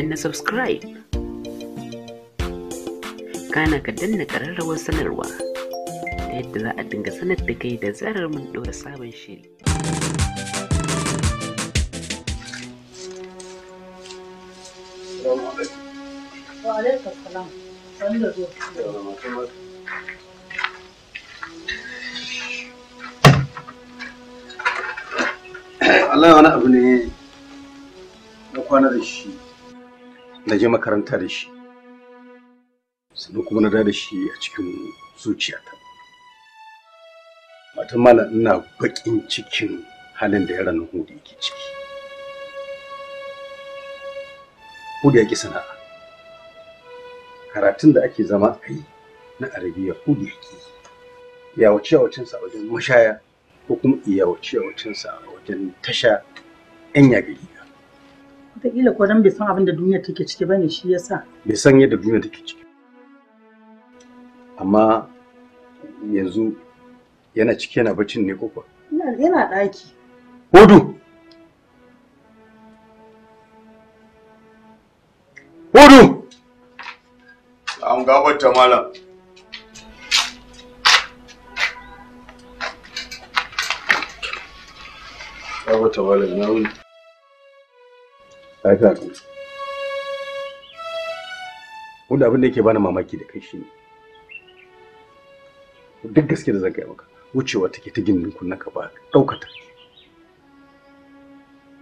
danna subscribe kana ka danna ƙararrawar sanarwa ta yadda za a dinga sanar da kai da zarar mun ɗora sabon shiri Allah wani abu ne na kwana da shi na je makaranta da shi sannan kuma na da da shi a cikin zuciyata matan mana ina baƙin cikin halin da yaran hudu yake ciki hudu yake sana'a karatun da ake zama a yi na arabiya hudu ya wuce yawace yawacensa a wajen mashaya ko kuma iyawace yawacensa a wajen tasha 'yan yagari Wataƙila ko dan bai san abin da duniya take ciki bane shi yasa. Bai san yadda duniya take ciki. Amma yanzu yana ciki yana baccin ne koko. Yana ɗaki. Hudu! Hudu! An ta malam. Gabata malam na wuni. lafiya wanda abin da yake bani mamaki da kai shine duk gaske da zan kai maka wucewa take ta ginin kunna ka ba ɗaukata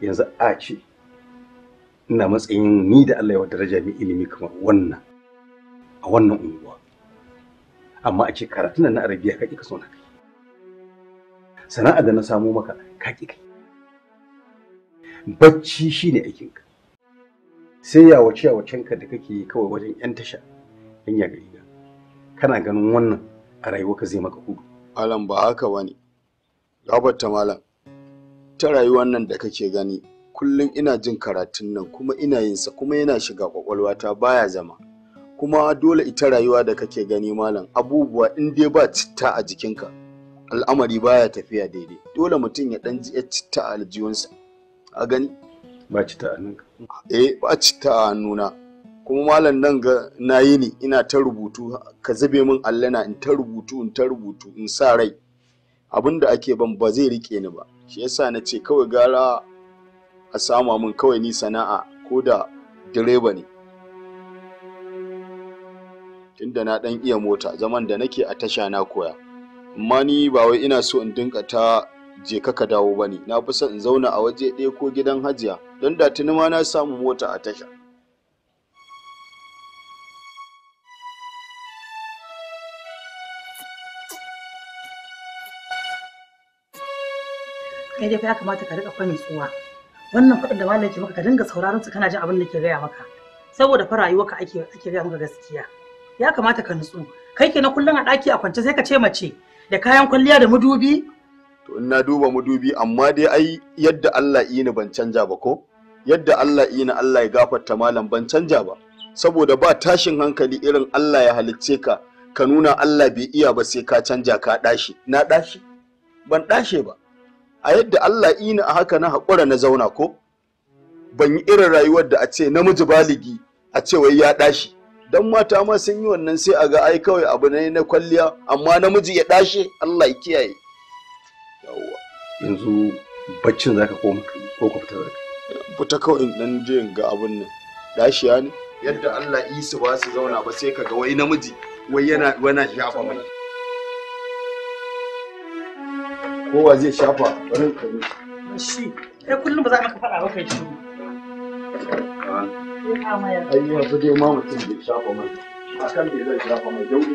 yanzu a ce ina matsayin ni da Allah yawa daraja mai ilimi kamar wannan a wannan unguwa amma a ce karatun na arabiya kaki ka so kai sana'a da na samo maka kaki kai bacci shine aikinka sai yawace yawacenka da kake yi kawai wajen yan tasha yan yaga riga kana ganin wannan a rayuwarka zai maka kudu malam ba haka bane gabarta malam ta rayuwar nan da kake gani kullum ina jin karatun nan kuma ina yin sa kuma yana shiga kwakwalwa ta baya zama kuma dole ita rayuwa da kake gani malam abubuwa in dai ba citta a jikinka al'amari baya tafiya daidai dole mutum ya dan ji citta a aljihunsa a gani ba ci ta hannunka eh ba ci ta hannuna kuma malam nan ga na yi ni ina ta rubutu ka zube min allana in ta rubutu in ta rubutu in sa rai abin da ake ban ba zai rike ni ba shi yasa na ce kawai gara a sama min kawai ni sana'a ko da direba ne tunda na dan iya mota zaman da nake a tasha na koya amma ni ba wai ina so in dinka ta je ka dawo ba ne. na fi son in zauna a waje ɗaya ko gidan hajiya don da tuni ma na samu mota a tasha kai dai ya kamata ka rika fani tsuwa wannan faɗin da malam ke maka ka dinga sauraron su kana jin abin da ke gaya maka saboda fa rayuwarka ake ake gaya maka gaskiya ya kamata ka nutsu kai ke na kullum a ɗaki a kwance sai ka ce mace da kayan kwalliya da madubi to in na duba madubi amma dai ai yadda Allah yi ni ban canja ba ko yadda Allah yi ni Allah ya gafarta malam ban canja ba saboda ba tashin hankali irin Allah ya halicce ka ka nuna Allah bai iya ba sai ka canja ka dashi. na dashi? ban dashe ba a yadda Allah yi ni a haka na hakura na zauna ko ban yi irin rayuwar da a ce namiji baligi a ce wai ya ɗashi dan mata ma sun yi wannan sai a ga ai kawai abu ne na kwalliya amma namiji ya ɗashi? Allah ya kiyaye yanzu baccin zaka koma ko ka fita zaka fita kawai dan je in ga abun nan dashiya ne yadda Allah isa ba su zauna ba sai kaga wai namiji wai yana wana shafa mai kowa zai shafa barin shi kai kullum ba za ka faɗa ba kai shi ai yanzu dai ma mutum bai shafa mai akan bai zai shafa mai jauri